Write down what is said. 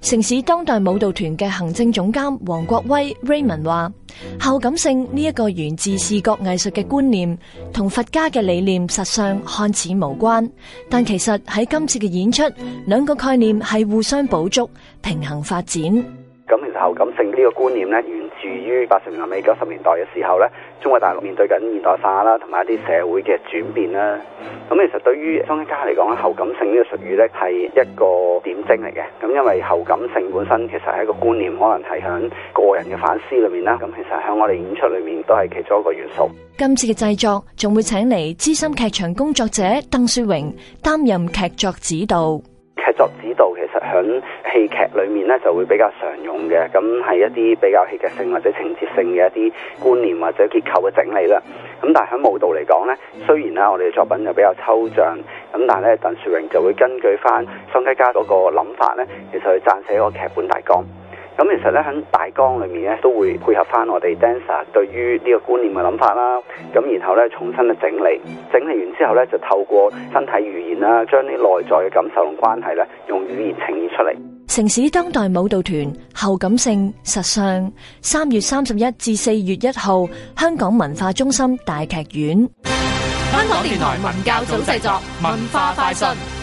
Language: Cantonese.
城市當代舞蹈團嘅行政總監黃國威 Raymond 話：後感性呢一個源自視覺藝術嘅觀念，同佛家嘅理念實上看似無關，但其實喺今次嘅演出，兩個概念係互相補足、平衡發展。咁其實後感性呢個觀念呢？處於八十年代尾、九十年代嘅時候咧，中國大陸面對緊現代化啦，同埋一啲社會嘅轉變啦，咁其實對於張家嚟講咧，後感性呢個術語呢係一個點睛嚟嘅。咁因為後感性本身其實係一個觀念，可能係響個人嘅反思裏面啦。咁其實響我哋演出裏面都係其中一個元素。今次嘅製作仲會請嚟資深劇場工作者鄧雪榮擔任劇作指導。劇作指導喺戲劇裏面咧就會比較常用嘅，咁係一啲比較戲劇性或者情節性嘅一啲觀念或者結構嘅整理啦。咁但係喺舞蹈嚟講呢，雖然啦我哋嘅作品就比較抽象，咁但係咧，鄧樹榮就會根據翻雙軌家嗰個諗法呢，其實去撰寫一個劇本大綱。咁其實咧喺大綱裏面咧都會配合翻我哋 dancer 對於呢個觀念嘅諗法啦，咁然後咧重新整理，整理完之後咧就透過身體語言啦，將啲內在嘅感受同關係咧用語言呈現出嚟。城市當代舞蹈團《後感性實相》，三月三十一至四月一號，香港文化中心大劇院。香港電台文教組製作，文化快訊。